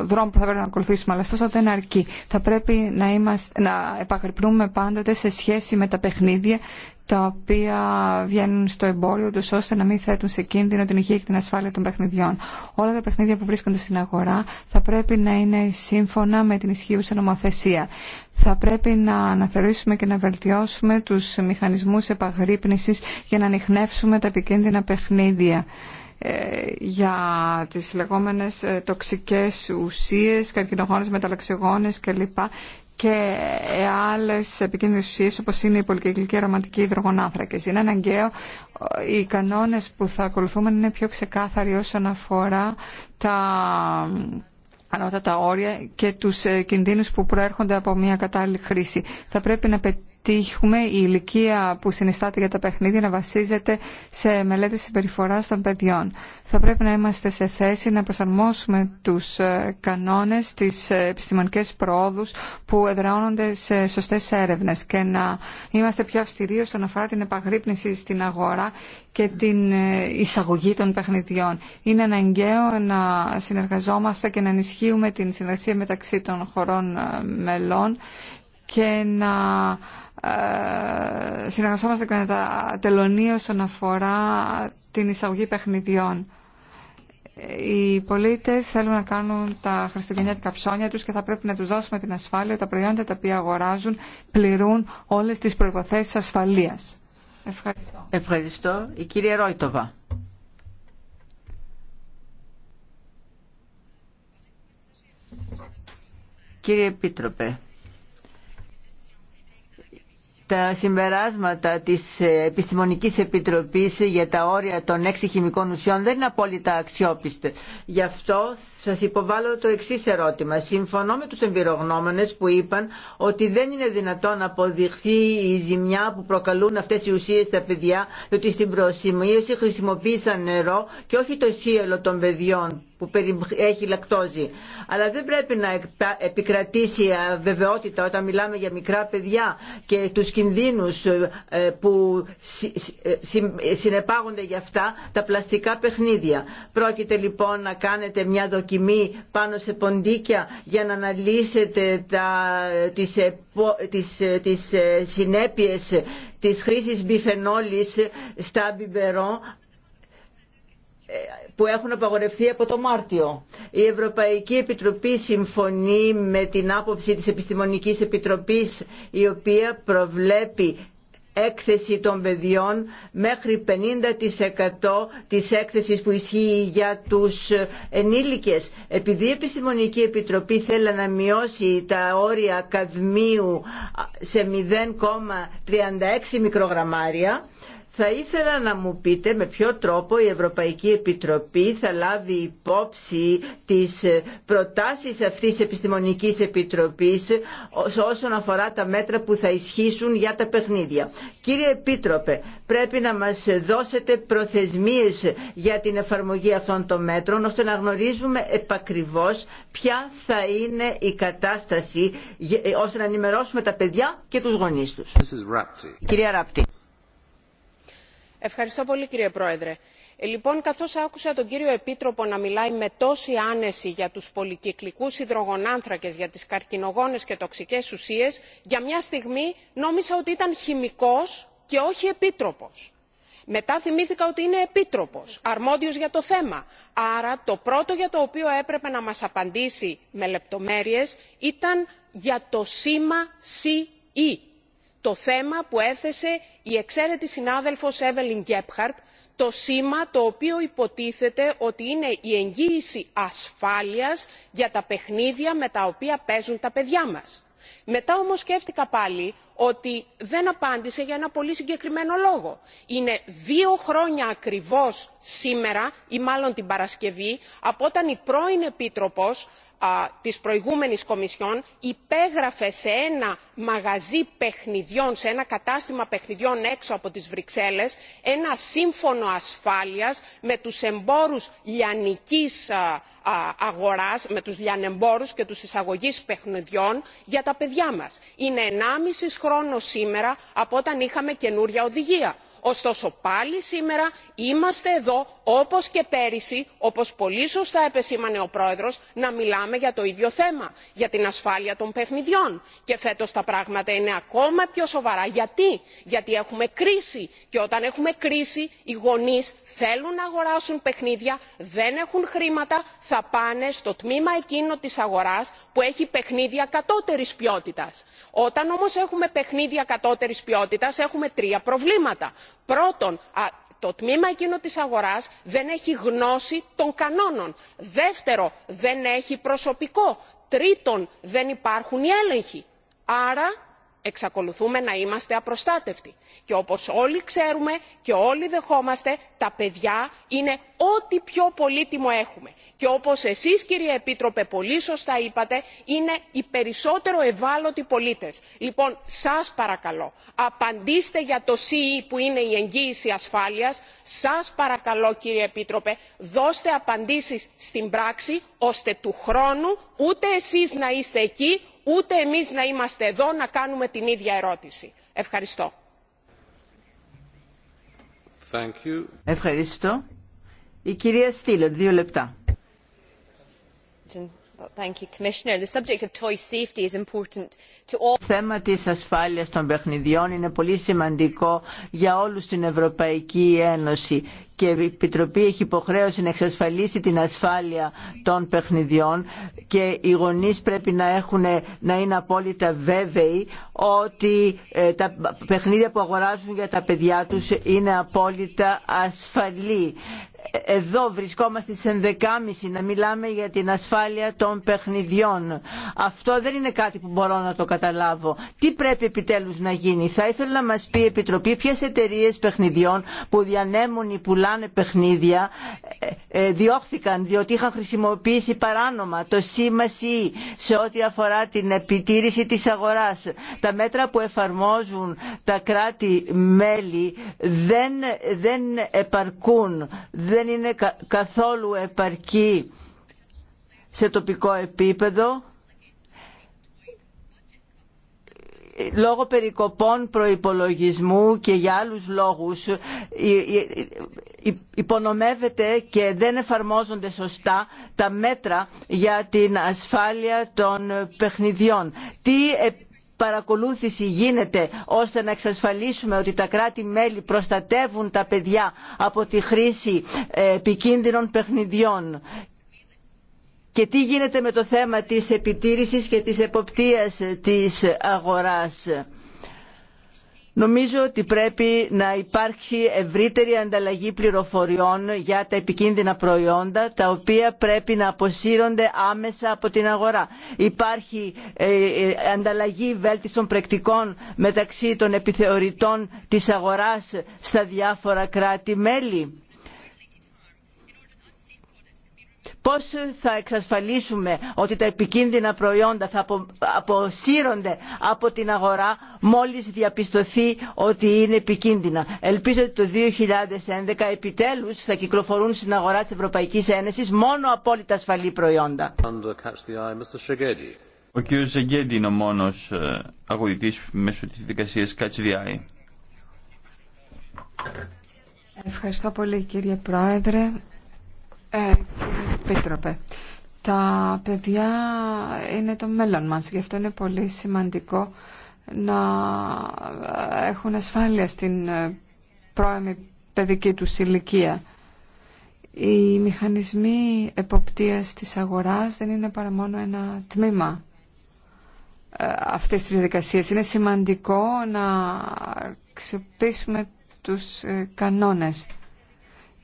δρόμο που θα πρέπει να ακολουθήσουμε, αλλά αυτό δεν αρκεί. Θα πρέπει να, είμαστε, να επαγρυπνούμε πάντοτε σε σχέση με τα παιχνίδια τα οποία βγαίνουν στο εμπόριο τους ώστε να μην θέτουν σε κίνδυνο την υγεία και την ασφάλεια των παιχνιδιών. Όλα τα παιχνίδια που βρίσκονται στην αγορά θα πρέπει να είναι σύμφωνα με την ισχύουσα νομοθεσία. Θα πρέπει να αναθεωρήσουμε και να βελτιώσουμε τους μηχανισμούς επαγρύπνησης για να ανοιχνεύσουμε τα επικίνδυνα παιχνίδια ε, για τις λεγόμενες ε, τοξικές ουσίες, καρκινογόνες, μεταλλαξιγόνες κλπ και ε, άλλε επικίνδυνε ουσίε όπω είναι η πολυκυκλική αρωματική υδρογονάνθρακε. Είναι αναγκαίο ε, οι κανόνε που θα ακολουθούμε να είναι πιο ξεκάθαροι όσον αφορά τα ανώτατα όρια και τους ε, κινδύνους που προέρχονται από μια κατάλληλη χρήση. Θα πρέπει να πετύχουμε η ηλικία που συνιστάται για τα παιχνίδια να βασίζεται σε μελέτες συμπεριφοράς των παιδιών. Θα πρέπει να είμαστε σε θέση να προσαρμόσουμε τους ε, κανόνες, τις ε, επιστημονικές προόδους που εδραώνονται σε σωστές έρευνες και να είμαστε πιο αυστηροί όσον αφορά την επαγρύπνηση στην αγορά και την ε, εισαγωγή των παιχνιδιών. Είναι αναγκαίο να συνεργαζόμαστε και να ενισχύουμε την συνεργασία μεταξύ των χωρών μελών και να ε, συνεργαζόμαστε και με τα τελωνία όσον αφορά την εισαγωγή παιχνιδιών. Οι πολίτες θέλουν να κάνουν τα χριστουγεννιάτικα ψώνια τους και θα πρέπει να τους δώσουμε την ασφάλεια ότι τα προϊόντα τα οποία αγοράζουν πληρούν όλες τις προϋποθέσεις ασφαλείας. Ευχαριστώ. Ευχαριστώ. Η κυρία Ρόιτοβα. Κύριε Επίτροπε, τα συμπεράσματα της Επιστημονικής Επιτροπής για τα όρια των έξι χημικών ουσιών δεν είναι απόλυτα αξιόπιστε. Γι' αυτό σας υποβάλλω το εξής ερώτημα. Συμφωνώ με τους εμπειρογνώμονες που είπαν ότι δεν είναι δυνατόν να αποδειχθεί η ζημιά που προκαλούν αυτές οι ουσίες στα παιδιά, διότι στην προσημείωση χρησιμοποίησαν νερό και όχι το σύελο των παιδιών που έχει λακτόζη. Αλλά δεν πρέπει να επικρατήσει βεβαιότητα όταν μιλάμε για μικρά παιδιά και τους κινδύνους ε, που ε, ε, συνεπάγονται για αυτά τα πλαστικά παιχνίδια. Πρόκειται λοιπόν να κάνετε μια δοκιμή πάνω σε ποντίκια για να αναλύσετε τα, τις, τις, τις συνέπειες της χρήσης μπιφενόλης στα μπιμπερό που έχουν απαγορευτεί από το Μάρτιο. Η Ευρωπαϊκή Επιτροπή συμφωνεί με την άποψη της Επιστημονικής Επιτροπής η οποία προβλέπει έκθεση των παιδιών μέχρι 50% της έκθεσης που ισχύει για τους ενήλικες. Επειδή η Επιστημονική Επιτροπή θέλει να μειώσει τα όρια καδμίου σε 0,36 μικρογραμμάρια, θα ήθελα να μου πείτε με ποιο τρόπο η Ευρωπαϊκή Επιτροπή θα λάβει υπόψη τις προτάσεις αυτής της Επιστημονικής Επιτροπής όσον αφορά τα μέτρα που θα ισχύσουν για τα παιχνίδια. Κύριε Επίτροπε, πρέπει να μας δώσετε προθεσμίες για την εφαρμογή αυτών των μέτρων ώστε να γνωρίζουμε επακριβώς ποια θα είναι η κατάσταση ώστε να ενημερώσουμε τα παιδιά και τους γονείς τους. Κυρία Ράπτη. Ευχαριστώ πολύ κύριε πρόεδρε ε, λοιπόν καθώς άκουσα τον κύριο επίτροπο να μιλάει με τόση άνεση για τους πολυκυκλικούς υδρογονάνθρακες για τις καρκινογόνες και τοξικές ουσίες για μια στιγμή νόμισα ότι ήταν χημικός και όχι επίτροπος. μετά θυμήθηκα ότι είναι επίτροπος αρμόδιος για το θέμα άρα το πρώτο για το οποίο έπρεπε να μας απαντήσει με λεπτομέρειες ήταν για το σήμα ce το θέμα που έθεσε η εξαίρετη συνάδελφος evelyn Γκέπχαρτ, το σήμα το οποίο υποτίθεται ότι είναι η εγγύηση ασφάλειας για τα παιχνίδια με τα οποία παίζουν τα παιδιά μας. μετά όμως σκέφτηκα πάλι ότι δεν απάντησε για ένα πολύ συγκεκριμένο λόγο είναι δύο χρόνια ακριβώς σήμερα ή μάλλον την παρασκευή από όταν η πρώην επίτροπος της προηγούμενης κομισιόν υπέγραφε σε ένα μαγαζί παιχνιδιών σε ένα κατάστημα παιχνιδιών έξω από τις βρυξέλλες ένα σύμφωνο ασφάλειας με τους εμπόρους λιανικής αγοράς με τους λιανεμπόρους και τους εισαγωγείς παιχνιδιών για τα παιδιά μας. είναι ενάμιση χρόνο σήμερα από όταν είχαμε καινούρια οδηγία ωστόσο πάλι σήμερα είμαστε εδώ όπως και πέρυσι όπως πολύ σωστά επεσήμανε ο πρόεδρος να μιλάμε για το ίδιο θέμα για την ασφάλεια των παιχνιδιών και φέτος τα πράγματα είναι ακόμα πιο σοβαρά. γιατί; γιατί έχουμε κρίση και όταν έχουμε κρίση οι γονείς θέλουν να αγοράσουν παιχνίδια δεν έχουν χρήματα θα πάνε στο τμήμα εκείνο της αγοράς που έχει παιχνίδια κατώτερης ποιότητας. όταν όμως έχουμε παιχνίδια κατώτερης ποιότητας έχουμε τρία προβλήματα πρώτον το τμήμα εκείνο της αγοράς δεν έχει γνώση των κανόνων δεύτερον δεν έχει προσωπικό τρίτον δεν υπάρχουν οι έλεγχοι. άρα εξακολουθούμε να είμαστε απροστάτευτοι και όπως όλοι ξέρουμε και όλοι δεχόμαστε τα παιδιά είναι ό,τι πιο πολύτιμο έχουμε και όπως εσείς κύριε επίτροπε πολύ σωστά είπατε είναι οι περισσότερο ευάλωτοι πολίτες. λοιπόν σας παρακαλώ απαντήστε για το ce που είναι η εγγύηση ασφάλειας σας παρακαλώ κύριε επίτροπε δώστε απαντήσεις στην πράξη ώστε του χρόνου ούτε εσείς να είστε εκεί ούτε εμεί να είμαστε εδώ να κάνουμε την ίδια ερώτηση. Ευχαριστώ. Ευχαριστώ. Η κυρία Στήλερ, δύο λεπτά. Το θέμα της ασφάλειας των παιχνιδιών είναι πολύ σημαντικό για όλους στην Ευρωπαϊκή Ένωση και η Επιτροπή έχει υποχρέωση να εξασφαλίσει την ασφάλεια των παιχνιδιών και οι γονείς πρέπει να, έχουν, να είναι απόλυτα βέβαιοι ότι ε, τα παιχνίδια που αγοράζουν για τα παιδιά τους είναι απόλυτα ασφαλή. Εδώ βρισκόμαστε στις 11.30 να μιλάμε για την ασφάλεια των παιχνιδιών. Αυτό δεν είναι κάτι που μπορώ να το καταλάβω. Τι πρέπει επιτέλους να γίνει. Θα ήθελα να μας πει η Επιτροπή ποιες εταιρείε παιχνιδιών που διανέμουν οι πουλάνε παιχνίδια ε, ε, διώχθηκαν διότι είχαν χρησιμοποιήσει παράνομα το ΣΥ σε ό,τι αφορά την επιτήρηση της αγοράς. Τα μέτρα που εφαρμόζουν τα κράτη-μέλη δεν, δεν επαρκούν, δεν είναι καθόλου επαρκή σε τοπικό επίπεδο λόγω περικοπών προϋπολογισμού και για άλλους λόγους ε, ε, ε, υπονομεύεται και δεν εφαρμόζονται σωστά τα μέτρα για την ασφάλεια των παιχνιδιών. Τι παρακολούθηση γίνεται ώστε να εξασφαλίσουμε ότι τα κράτη μέλη προστατεύουν τα παιδιά από τη χρήση επικίνδυνων παιχνιδιών και τι γίνεται με το θέμα της επιτήρησης και της εποπτείας της αγοράς. Νομίζω ότι πρέπει να υπάρχει ευρύτερη ανταλλαγή πληροφοριών για τα επικίνδυνα προϊόντα, τα οποία πρέπει να αποσύρονται άμεσα από την αγορά. Υπάρχει ε, ε, ανταλλαγή βέλτιστων πρακτικών μεταξύ των επιθεωρητών της αγοράς στα διάφορα κράτη-μέλη Πώς θα εξασφαλίσουμε ότι τα επικίνδυνα προϊόντα θα αποσύρονται από την αγορά μόλις διαπιστωθεί ότι είναι επικίνδυνα. Ελπίζω ότι το 2011 επιτέλους θα κυκλοφορούν στην αγορά της Ευρωπαϊκής Ένωσης μόνο απόλυτα ασφαλή προϊόντα. Ο κ. Ζεγκέντη είναι ο μόνος ε, αγωγητής μέσω της δικασίας Catch the Eye. Ευχαριστώ πολύ κύριε Πρόεδρε. Ε, τα παιδιά είναι το μέλλον μας, γι' αυτό είναι πολύ σημαντικό να έχουν ασφάλεια στην ε, πρώιμη παιδική του ηλικία. Οι μηχανισμοί εποπτείας της αγοράς δεν είναι παρά μόνο ένα τμήμα ε, αυτές τις διαδικασίες. Είναι σημαντικό να ξεπίσουμε τους ε, κανόνες.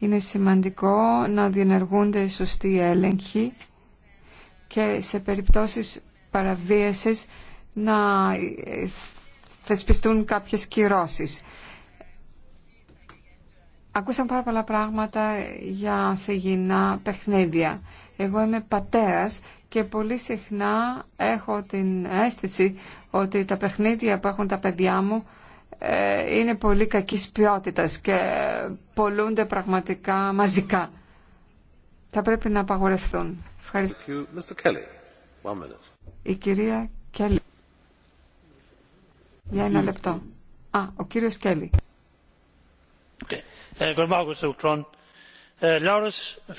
Είναι σημαντικό να διενεργούνται σωστοί έλεγχοι και σε περιπτώσεις παραβίασης να θεσπιστούν κάποιες κυρώσεις. Ακούσαμε πάρα πολλά πράγματα για θεγινά παιχνίδια. Εγώ είμαι πατέρας και πολύ συχνά έχω την αίσθηση ότι τα παιχνίδια που έχουν τα παιδιά μου ε, είναι πολύ κακής ποιότητας και πολλούνται πραγματικά μαζικά. Θα πρέπει να απαγορευθούν. Ευχαριστώ. Η κυρία Κέλλη. Για ένα λεπτό. Α, ο κύριος Κέλλη. Ε,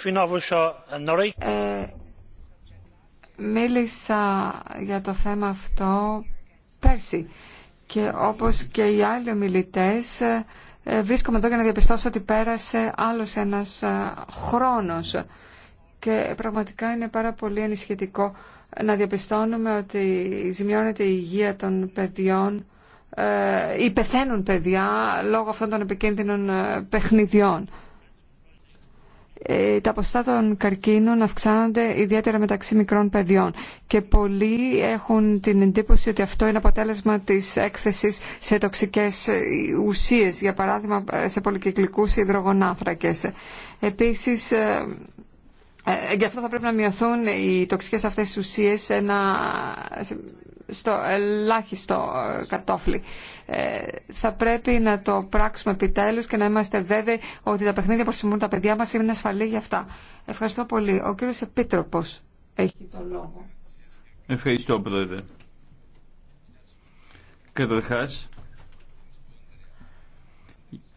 ε, ε, μίλησα για το θέμα αυτό πέρσι και όπως και οι άλλοι ομιλητές ε, ε, βρίσκομαι εδώ για να διαπιστώσω ότι πέρασε άλλος ένας ε, χρόνος και πραγματικά είναι πάρα πολύ ανησυχητικό να διαπιστώνουμε ότι ζημιώνεται η υγεία των παιδιών ή πεθαίνουν παιδιά λόγω αυτών των επικίνδυνων παιχνιδιών. Ε, τα ποστά των καρκίνων αυξάνονται ιδιαίτερα μεταξύ μικρών παιδιών και πολλοί έχουν την εντύπωση ότι αυτό είναι αποτέλεσμα της έκθεσης σε τοξικές ε, ουσίες, για παράδειγμα ε, σε πολυκυκλικούς υδρογονάφρακες. Επίσης, γι' αυτό θα πρέπει να μειωθούν οι τοξικές αυτές ουσίες σε ένα στο ελάχιστο ε, κατόφλι. Ε, θα πρέπει να το πράξουμε επιτέλους και να είμαστε βέβαιοι ότι τα παιχνίδια που συμβούν τα παιδιά μας είναι ασφαλή για αυτά. Ευχαριστώ πολύ. Ο κύριος Επίτροπος έχει το λόγο. Ευχαριστώ πρόεδρε. Καταρχάς,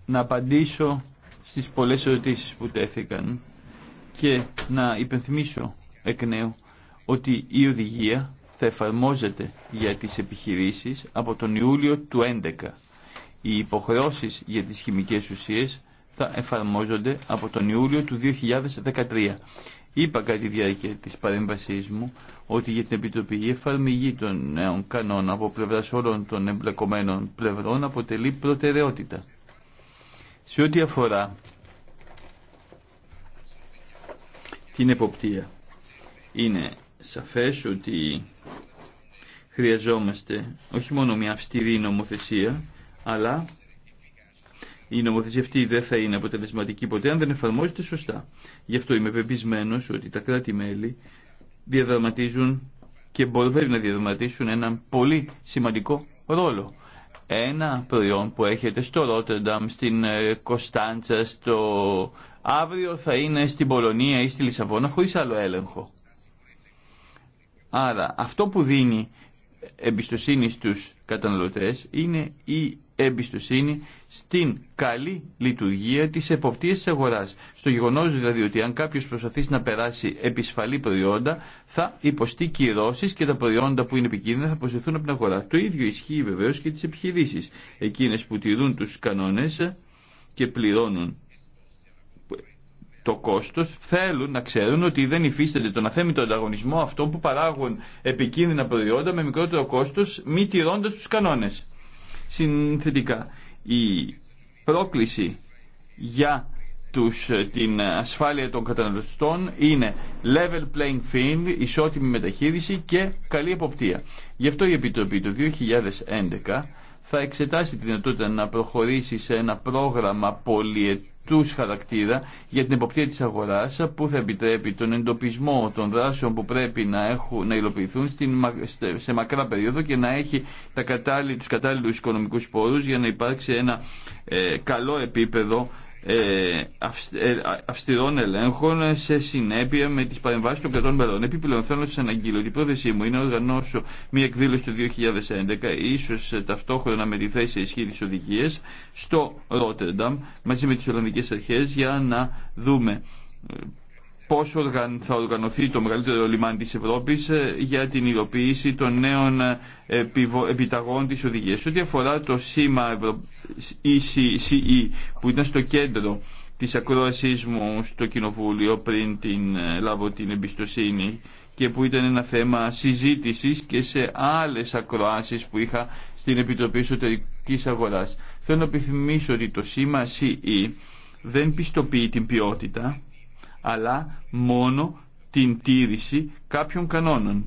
να απαντήσω στις πολλές ερωτήσεις που τέθηκαν και να υπενθυμίσω εκ νέου ότι η οδηγία θα εφαρμόζεται για τις επιχειρήσεις από τον Ιούλιο του 2011. Οι υποχρεώσεις για τις χημικές ουσίες θα εφαρμόζονται από τον Ιούλιο του 2013. Είπα κατά τη διάρκεια της παρέμβασής μου ότι για την Επιτροπή η εφαρμογή των νέων κανόνων από πλευράς όλων των εμπλεκομένων πλευρών αποτελεί προτεραιότητα. Σε ό,τι αφορά την εποπτεία είναι σαφές ότι χρειαζόμαστε όχι μόνο μια αυστηρή νομοθεσία, αλλά η νομοθεσία αυτή δεν θα είναι αποτελεσματική ποτέ αν δεν εφαρμόζεται σωστά. Γι' αυτό είμαι πεπισμένο ότι τα κράτη-μέλη διαδραματίζουν και μπορεί να διαδραματίσουν έναν πολύ σημαντικό ρόλο. Ένα προϊόν που έχετε στο Ρότερνταμ, στην ε, Κωνσταντσα, στο αύριο θα είναι στην Πολωνία ή στη Λισαβόνα χωρίς άλλο έλεγχο. Άρα αυτό που δίνει εμπιστοσύνη στους καταναλωτές είναι η εμπιστοσύνη στην καλή λειτουργία της εποπτείας της αγοράς. Στο γεγονός δηλαδή ότι αν κάποιος προσπαθήσει να περάσει επισφαλή προϊόντα θα υποστεί κυρώσεις και τα προϊόντα που είναι επικίνδυνα θα αποσυρθούν από την αγορά. Το ίδιο ισχύει βεβαίως και τις επιχειρήσεις. Εκείνες που τηρούν τους κανόνες και πληρώνουν το κόστος θέλουν να ξέρουν ότι δεν υφίσταται τον αθέμητο ανταγωνισμό αυτό που παράγουν επικίνδυνα προϊόντα με μικρότερο κόστος μη τηρώντα τους κανόνες. Συνθετικά, η πρόκληση για τους, την ασφάλεια των καταναλωτών είναι level playing field, ισότιμη μεταχείριση και καλή εποπτεία. Γι' αυτό η Επιτροπή το 2011 θα εξετάσει τη δυνατότητα να προχωρήσει σε ένα πρόγραμμα πολιετών τους χαρακτήρα για την εποπτεία της αγοράς που θα επιτρέπει τον εντοπισμό των δράσεων που πρέπει να, έχουν, να υλοποιηθούν στην, σε μακρά περίοδο και να έχει τα κατάλληλου τους κατάλληλους οικονομικούς πόρους για να υπάρξει ένα ε, καλό επίπεδο ε, ε, αυστηρών ελέγχων σε συνέπεια με τις παρεμβάσεις των κρατών μελών. Επιπλέον θέλω να αναγγείλω ότι η πρόθεσή μου είναι να οργανώσω μια εκδήλωση του 2011 ίσως ταυτόχρονα με τη θέση ισχύ της στο Ρότερνταμ μαζί με τις Ολλανδικές Αρχές για να δούμε ε, πώς θα οργανωθεί το μεγαλύτερο λιμάνι της Ευρώπης ε, για την υλοποίηση των νέων ε, επιταγών της οδηγίας. Ό,τι αφορά το σήμα Ευρω... ECE e, που ήταν στο κέντρο της ακρόασής μου στο Κοινοβούλιο πριν την, ε, λάβω την εμπιστοσύνη και που ήταν ένα θέμα συζήτησης και σε άλλες ακροάσεις που είχα στην Επιτροπή Εσωτερικής Αγοράς. Θέλω να επιθυμίσω ότι το σήμα CE δεν πιστοποιεί την ποιότητα, αλλά μόνο την τήρηση κάποιων κανόνων.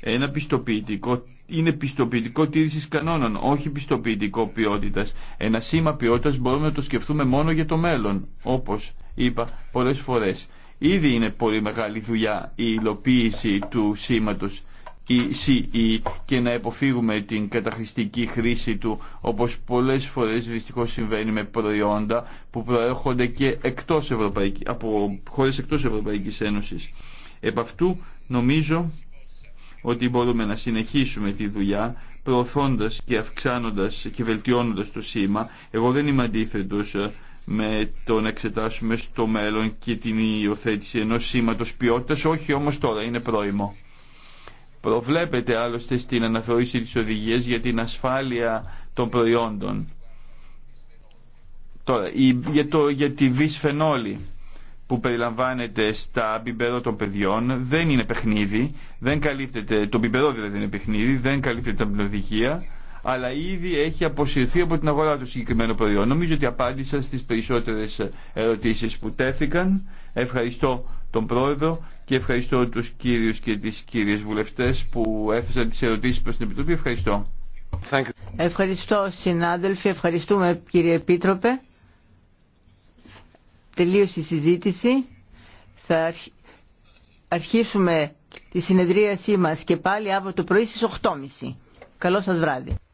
Ένα πιστοποιητικό είναι πιστοποιητικό τήρηση κανόνων, όχι πιστοποιητικό ποιότητα. Ένα σήμα ποιότητα μπορούμε να το σκεφτούμε μόνο για το μέλλον, όπω είπα πολλέ φορέ. Ήδη είναι πολύ μεγάλη δουλειά η υλοποίηση του σήματος E και να υποφύγουμε την καταχρηστική χρήση του όπως πολλές φορές δυστυχώς συμβαίνει με προϊόντα που προέρχονται και εκτός Ευρωπαϊκή, από χώρες εκτός Ευρωπαϊκής Ένωσης. Επ' αυτού νομίζω ότι μπορούμε να συνεχίσουμε τη δουλειά προωθώντας και αυξάνοντας και βελτιώνοντας το σήμα. Εγώ δεν είμαι αντίθετο ε, με το να εξετάσουμε στο μέλλον και την υιοθέτηση ενός σήματος ποιότητας, όχι όμως τώρα, είναι πρόημο. Προβλέπεται άλλωστε στην αναθεώρηση της οδηγίας για την ασφάλεια των προϊόντων. Τώρα, για, το, για τη βυσφενόλη που περιλαμβάνεται στα μπιμπερό των παιδιών δεν είναι παιχνίδι, δεν καλύπτεται, το μπιμπερό δηλαδή είναι παιχνίδι, δεν καλύπτεται από την οδηγία, αλλά ήδη έχει αποσυρθεί από την αγορά του συγκεκριμένου προϊόν. Νομίζω ότι απάντησα στις περισσότερες ερωτήσεις που τέθηκαν. Ευχαριστώ τον Πρόεδρο και ευχαριστώ τους κύριους και τις κύριες βουλευτές που έφεσαν τις ερωτήσεις προς την Επιτροπή. Ευχαριστώ. Ευχαριστώ συνάδελφοι, ευχαριστούμε κύριε Επίτροπε. Τελείωσε η συζήτηση. Θα αρχίσουμε τη συνεδρίασή μας και πάλι αύριο το πρωί στις 8.30. Καλό σας βράδυ.